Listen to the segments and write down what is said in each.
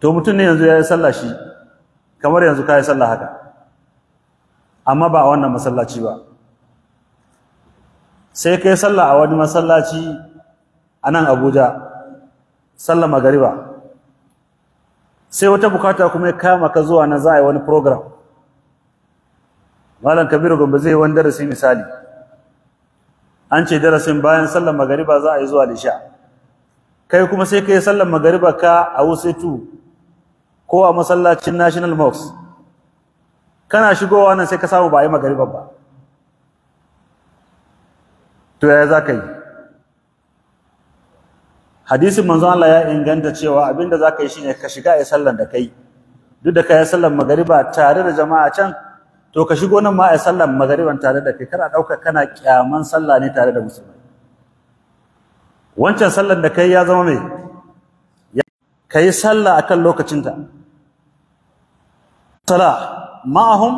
to mutum ne yanzu ya yi sallah shi kamar yanzu ka yi sallah haka amma ba a wannan masallaci ba sai ka yi sallah a wani masallaci a nan abuja sallah magariba sai wata bukata kuma ya kama ka zuwa na za a yi wani program malam kabiru gombe zai yi wani darasi misali an ce darasin bayan sallar magariba za a yi zuwa lisha kai kuma sai ka yi sallar magariba ka a Wuse 2? ko a masallacin national mosque kana shigowa nan sai ka samu ba a yi magariba ba to yaya za ka yi hadisin manzo Allah ya inganta cewa abinda za ka yi shine ka shiga ya sallan da kai duk da ka yi sallan magariba tare da jama'a can to ka shigo nan ma ya sallan magariban tare da kai kana ɗauka kana kyaman sallah ne tare da musulmai wancan sallan da kai ya zama mai ka yi sallah akan lokacinta salah ma'ahum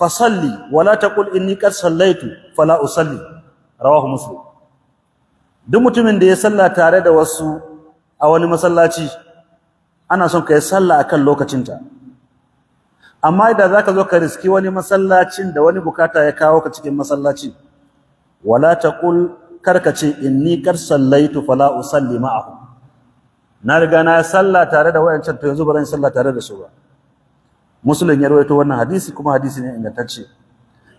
fasalli wala taqul inni qad sallaitu fala usalli rawahu muslim duk mutumin da ya salla tare da wasu a wani masallaci ana son ka yi salla akan lokacinta amma idan zaka zo ka riski wani masallacin da wani bukata ya kawo ka cikin masallaci wala taqul karka ce inni qad sallaitu fala usalli ma'ahum na riga na salla tare da wayancan to yanzu ba zan salla tare da su ba muslim ya rawaito wannan hadisi kuma hadisi ne ingantacce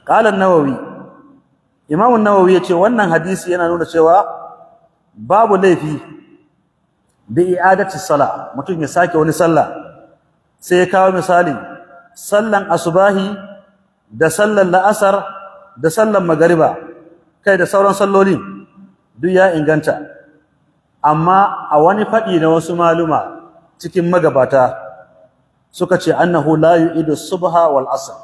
qala an-nawawi imam an-nawawi yace wannan hadisi yana nuna cewa babu laifi bi i'adati salla mutum ya sake wani sallah sai ya kawo misali sallan asubahi da sallan la'asar da sallan magariba kai da sauran sallolin duk ya inganta amma a wani faɗi na wasu maluma cikin magabata suka ce annahu la yu'idu subha wal asr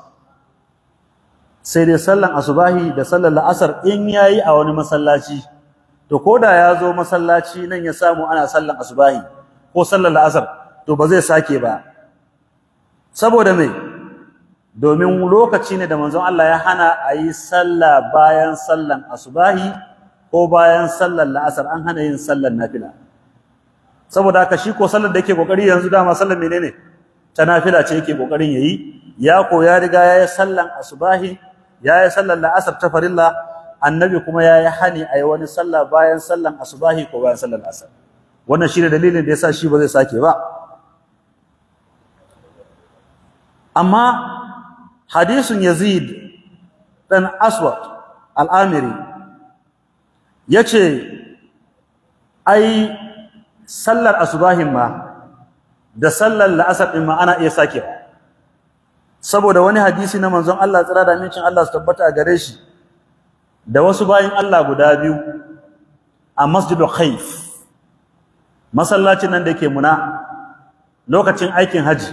sai dai sallan asubahi da sallan la'asar in yayi a wani masallaci to koda ya zo masallaci nan ya samu ana sallan asubahi ko sallan la'asar to ba zai sake ba saboda me domin lokaci ne da manzon Allah ya hana a yi salla bayan sallan asubahi ko bayan sallan la'asar an hana yin sallan nafila saboda haka shi ko sallar da yake kokari yanzu dama sallar menene ta nafila ce yake kokarin yayi ya ko ya riga yayi sallan asbahi yayi sallan la'asar ta farilla annabi kuma yayi hani ayi wani sallah bayan sallan asubahi ko bayan sallan asar wannan shine dalilin da yasa shi ba zai sake ba amma hadisin Yazid dan Aswad al-Amiri yace ai sallar asubahin ma da sallar la'asar ɗin ma ana iya ba. saboda wani hadisi na manzon Allah tsira da mincin Allah su tabbata a gare shi da wasu bayan Allah guda biyu a masjidul khayf masallacin nan da ke muna lokacin aikin haji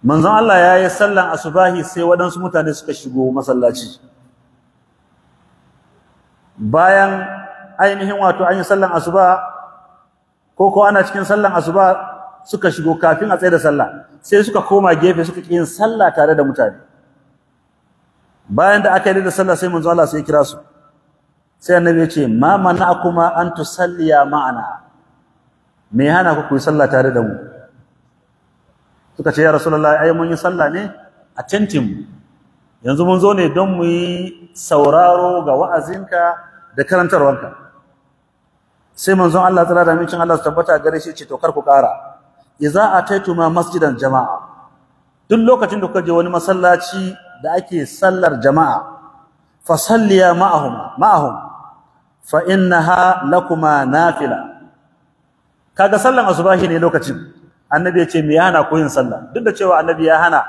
manzon Allah ya yi sallan asubahi sai waɗansu mutane suka shigo masallaci bayan ainihin wato an yi sallan asuba ko ko ana cikin sallan asuba suka shigo kafin a tsaye da sallah sai suka koma gefe suka yin sallah tare da mutane bayan da aka yi da sallah sai manzo Allah sai kira su sai annabi ya ce ma kuma an tusalliya ma'ana me hana ku ku sallah tare da mu suka ce ya rasulullahi ai mun yi sallah ne a tentin mu yanzu mun zo ne don mu yi sauraro ga wa'azinka da karantarwanka sai manzon Allah tsara da mincin Allah su tabbata gare shi ce to kar ku kara a ataituma masjidan jama'a duk lokacin da kuka je wani masallaci da ake sallar jama'a fa salliya ma'ahum ma'ahum fa innaha lakuma nafila kaga sallan asubahi ne lokacin annabi ya ce me ya hana yin sallah duk da cewa annabi ya hana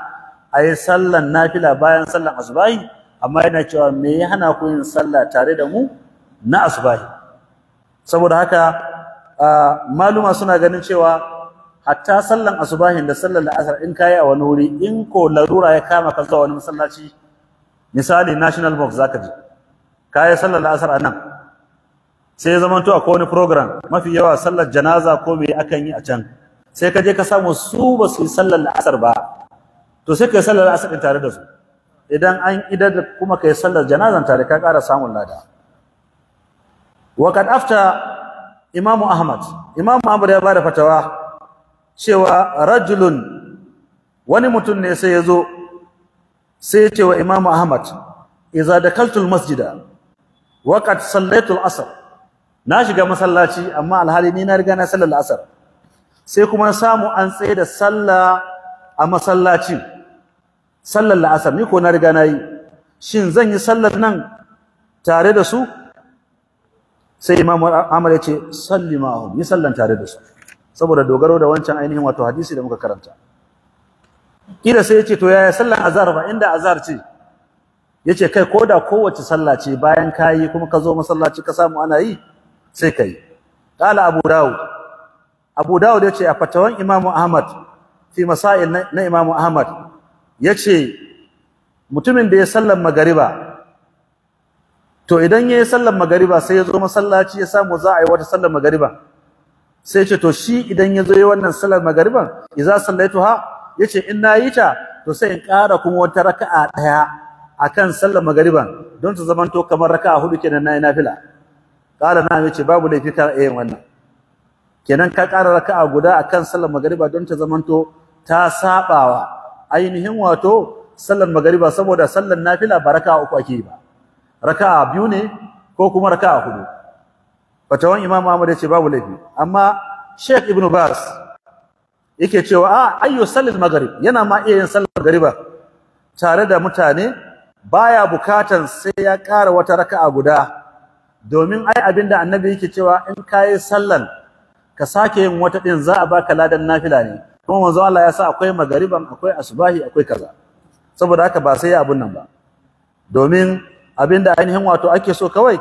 ayi sallan nafila bayan sallan asubahi amma yana cewa me ya hana yin sallah tare da mu na asubahi saboda haka maluma suna ganin cewa hatta sallan asubahin da sallan la'asar in kayi a wani wuri in ko larura ya kama ka zuwa wani masallaci misali national box zaka je kayi sallan la'asar a nan sai ya zama akwai wani program mafi yawa sallar janaza ko me akan yi a can sai ka je ka samu su ba su yi sallar la'asar ba to sai ka yi sallar la'asar din tare da su idan an idar da kuma ka yi sallar janazan tare ka ƙara samun lada wa kad afta imamu ahmad imamu ahmad ya bada fatawa cewa rajulun wani mutum ne sai ya zo sai ya ce wa Imam Ahmad idza kaltul masjida wa qad asr na shiga masallaci amma alhali ni na riga na sallar asar sai kuma samu an tsaye da sallah a masallacin sallar la'asar ni ko na riga na yi shin zan yi sallar nan tare da su sai imam Ahmad ya ce salli yi sallan tare da su saboda dogaro da wancan ainihin wato hadisi da muka karanta kila sai yace to yaya sallan azhar ba inda azhar ce yace kai koda kowace salla ce bayan kayi kuma ka zo masallaci ka samu ana yi sai kai qala abu daud abu daud yace a fatawan imam ahmad fi masail na imam ahmad yace mutumin da ya sallan magariba to idan yayi sallan magariba sai ya zo masallaci ya samu za a yi wata sallan magariba sai ce to shi idan ya zo yi wannan salar magariban idza Ya ce in na yi ta to sai in ƙara kuma wata raka'a daya akan sallar magariban don ta to kamar raka'a hudu kenan na yi nafila Ƙara na yace babu laifi ka yin wannan kenan ka ƙara raka'a guda akan sallar magariba don ta zamanto ta saɓawa ainihin wato sallar magariba saboda sallar nafila ba raka'a uku ake yi ba raka'a biyu ne ko kuma raka'a hudu fatawan Imam Ahmad yace babu laifi amma Sheikh Ibn Bas yake cewa a ah, ayyu sallil maghrib yana ma iya yin sallar magriba tare da mutane baya bukatan sai ya ƙara wata raka'a guda domin ai abinda annabi yake cewa in kai sallan ka sake yin wata din za a baka ladan nafila ne kuma manzo Allah ya sa akwai magriban akwai asbahi akwai kaza saboda haka ba sai ya abun nan ba domin abinda ainihin wato ake so kawai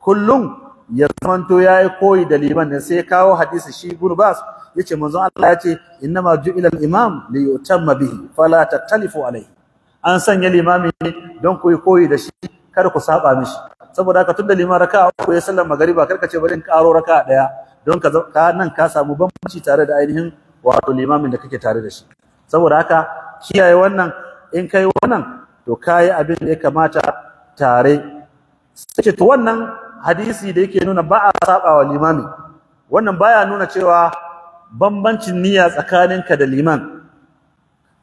kullum ya zamanto yayi koyi da liman ne sai kawo hadisi shi ibn bas yace manzon Allah yace ma ju'ila al-imam li yutamma bihi fala tattalifu alayhi an sanya limami ne don ku yi koyi da shi kar ku saba mishi saboda haka tunda liman raka'a ku ya sallar magariba kar ka ce bari in karo raka'a daya don ka nan ka samu bambanci tare da ainihin wato limamin da kake tare da shi saboda haka kiyaye wannan in kai wannan to kai abin da ya kamata tare sai to wannan hadisi da yake nuna ba a saba wa limami wannan baya nuna cewa bambancin niyya tsakaninka da liman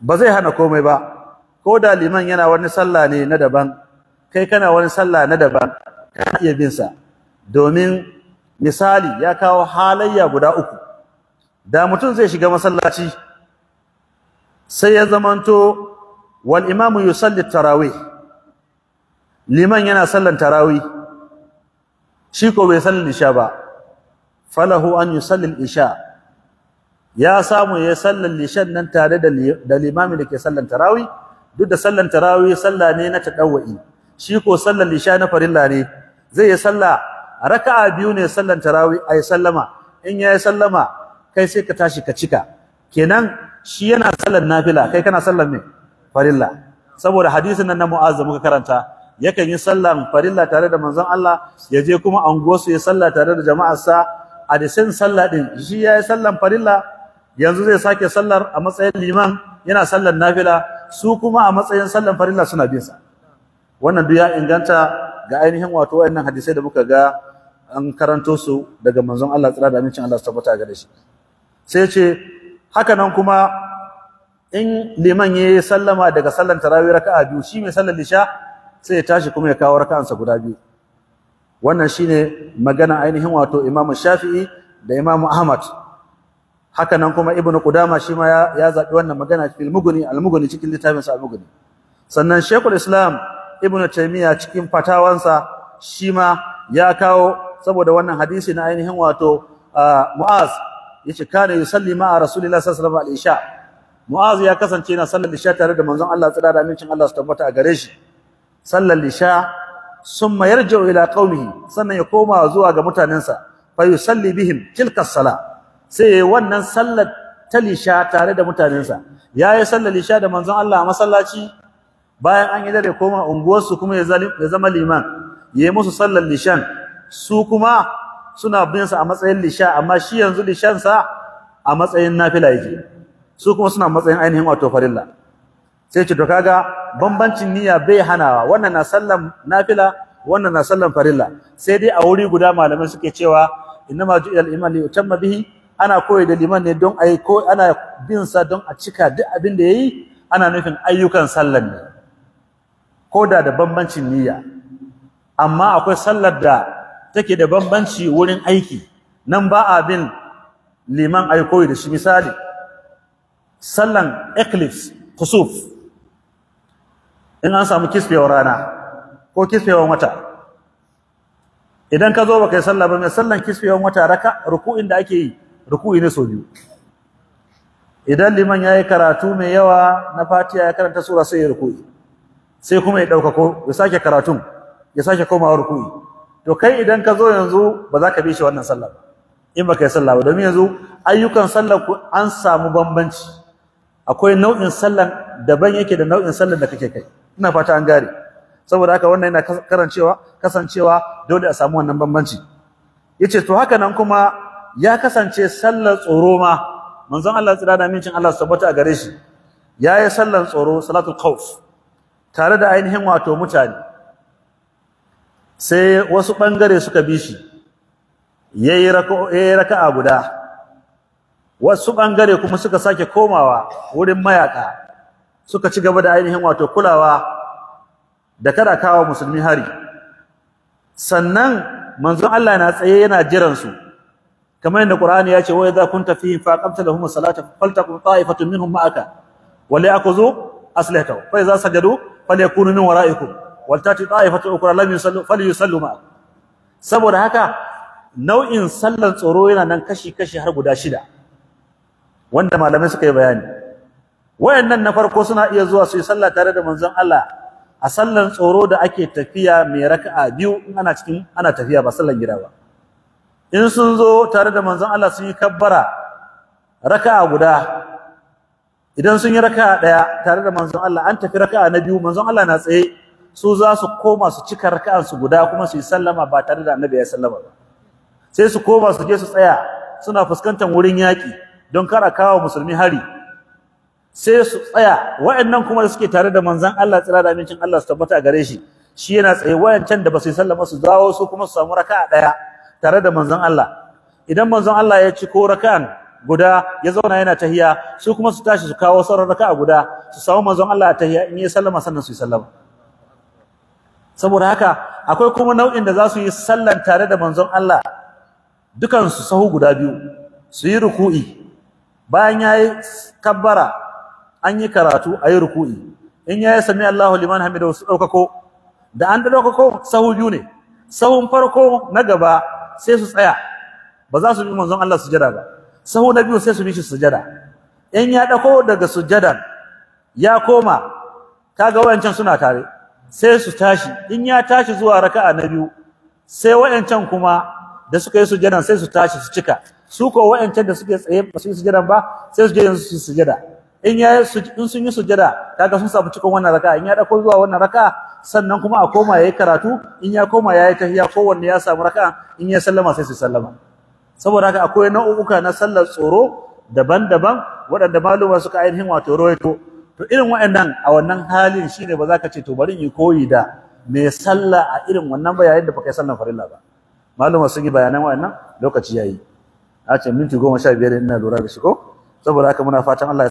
ba zai hana komai ba ko da liman yana wani sallah ne na daban kai kana wani sallah na daban kana iya bin sa domin misali ya kawo halayya guda uku da mutum zai shiga masallaci sai ya zamanto wal imamu yusalli tarawih liman yana sallan tarawih shi ko bai sallin isha ba falahu an yusalli isha ya samu ya sallar ishan nan tare da limamin da ke sallar tarawi duk da sallar tarawi salla ne na tadawwi shi ko sallar isha na farilla ne zai yi salla raka'a biyu ne sallar tarawi ai sallama in yayi sallama kai sai ka tashi ka cika kenan shi yana sallar nafila kai kana sallar me farilla saboda hadisin nan na mu'azzam muka karanta yakan yi sallan farilla tare da manzon Allah ya je kuma anguwarsu ya salla tare da jama'arsa a da sin salla din shi yi sallan farilla yanzu zai sake sallar a matsayin liman yana sallar nafila su kuma a matsayin sallan farilla suna bin sa wannan duk ya inganta ga ainihin wato wayannan hadisai da muka ga an karanto su daga manzon Allah tsira da amincin Allah tabbata ga shi sai ce haka nan kuma in liman yi sallama daga sallan tarawih raka'a biyu shi mai sallan lisha sai ya tashi kuma ya kawo raka'ansa guda biyu wannan shine magana ainihin wato Imam Shafi'i da Imam Ahmad haka nan kuma Ibnu Kudama shi ma ya zaɓi wannan magana fil muguni al cikin littafin sa al sannan shekul Islam Ibnu Taymiyyah cikin fatawansa shi ma ya kawo saboda wannan hadisi na ainihin wato Mu'az yace kana yusalli ma'a Rasulillah sallallahu alaihi wasallam al-isha Mu'az ya kasance yana sallar isha tare da manzon Allah tsada da amincin Allah su tabbata a gare shi sallar lisha sun mayar yarji'u ila ƙaunihi sannan ya koma zuwa ga mutanensa fa salli bihim tilka sala sai ya yi wannan sallar ta lisha tare da mutanensa Ya yi sallar lisha da manzon Allah a masallaci bayan an yi dare koma unguwarsu kuma ya zama liman ya yi musu sallar lishan su kuma suna binsa a matsayin lisha amma shi yanzu lishansa a matsayin nafila yake su kuma suna matsayin ainihin wato farilla sai ce to kaga bambancin niyya bai hanawa wannan na sallan nafila wannan na sallan farilla sai dai a wuri guda malamai suke cewa innama ju'ilal iman li yutamma bihi ana koyi da liman ne don ai ko ana bin sa don a cika duk abin da yayi ana nufin ayyukan sallan ne koda da bambancin niyya amma akwai sallar da take da bambanci wurin aiki nan ba a bin liman ayi koyi da shi misali sallan eclipse kusuf in an samu kisfewar rana ko kisfewar wata idan ka zo baka yi sallah ba mai sallan kisfewar wata raka ruku'in da ake yi ruku'i ne so biyu idan liman ya yi karatu mai yawa na fatiya ya karanta sura sai ya ruku'i sai kuma ya ɗaukako ya sake karatun ya sake komawa ruku'i to kai idan ka zo yanzu ba za ka bi shi wannan sallah ba in baka yi sallah ba domin yanzu ayyukan sallah ku an samu bambanci akwai nau'in sallan daban yake da nau'in sallan da kake kai ina fata an gare saboda haka wannan yana karancewa kasancewa dole a samu wannan bambanci yace to haka nan kuma ya kasance sallar tsoro ma manzon Allah tsira da mincin Allah tabbata a gare shi yayi sallar tsoro salatul khauf tare da ainihin wato mutane sai wasu bangare suka bi shi yayi raka'a raka'a guda wasu bangare kuma suka sake komawa wurin mayaka suka ci gaba da ainihin wato kulawa da kada kawo musulmi hari sannan manzon Allah na tsaye yana jiran su kamar yadda Qur'ani ya ce wa idza kunta fihim faqamta lahum salata faltaqum ta'ifatun minhum ma'aka wa li'akhudhu aslihatahu fa idza sajadu falyakunu min wara'ikum waltati ta'ifatu ukra lam yusallu falyusallu ma'akum saboda haka nau'in sallan tsoro yana nan kashi-kashi har guda shida wanda malamai suka yi bayani wayannan na farko suna iya zuwa su yi sallah tare da manzon Allah a sallan tsoro da ake tafiya mai raka'a biyu in ana cikin ana tafiya ba sallan gida ba in sun zo tare da manzon Allah sun yi kabbara raka'a guda idan sun yi raka'a daya tare da manzon Allah an tafi raka'a na biyu manzon Allah na tsaye su za su koma su cika raka'an su guda kuma su yi sallama ba tare da annabi ya sallama ba sai su koma su je su tsaya suna fuskantar wurin yaki don kar a kawo musulmi hari sai su tsaya wa'annan kuma da suke tare da manzon Allah tsira da amincin Allah su tabbata gare shi shi yana tsaye wayancan da ba su sallama su zawo, su kuma su samu raka'a daya tare da manzon Allah idan manzon Allah ya ci ko raka'an guda ya zauna yana tahiya su kuma su tashi su kawo sauran raka'a guda su samu manzon Allah tahiya in ya sallama sannan su yi sallama saboda haka akwai kuma nau'in da za su yi sallan tare da manzon Allah dukansu sahu guda biyu su yi ruku'i bayan ya yi kabbara an yi karatu a yi ruku'i in yi sami Allahu liman hamida su ɗaukako. da an ɗaukako, sahu biyu ne sahun farko na gaba sai su tsaya ba za su bi manzon Allah sujada ba sahu na biyu sai su bi shi sujada in ya dako daga sujadan ya koma kaga wayancan suna tare sai su tashi in ya tashi zuwa raka'a na biyu sai wayancan kuma da suka yi sujadan sai su tashi su cika su ko wayancan da suke tsaye ba su yi sujadan ba sai su je su sujada in ya in sun yi sujada kaga sun samu cikin wannan raka in ya dauko zuwa wannan raka sannan kuma a koma yayi karatu in ya koma yayi tahiyya kowanne ya samu raka in ya sallama sai su sallama saboda haka akwai nau'uka na sallar tsoro daban-daban waɗanda maluma suka ainihin wato roito to irin waɗannan a wannan halin shine ba za ka ce to bari in koyi da me sallah a irin wannan ba da baka kai sallar farilla ba maluma sun yi bayanan waɗannan lokaci yayi a ce minti goma sha biyar ina lura da shi ko saboda haka muna fatan Allah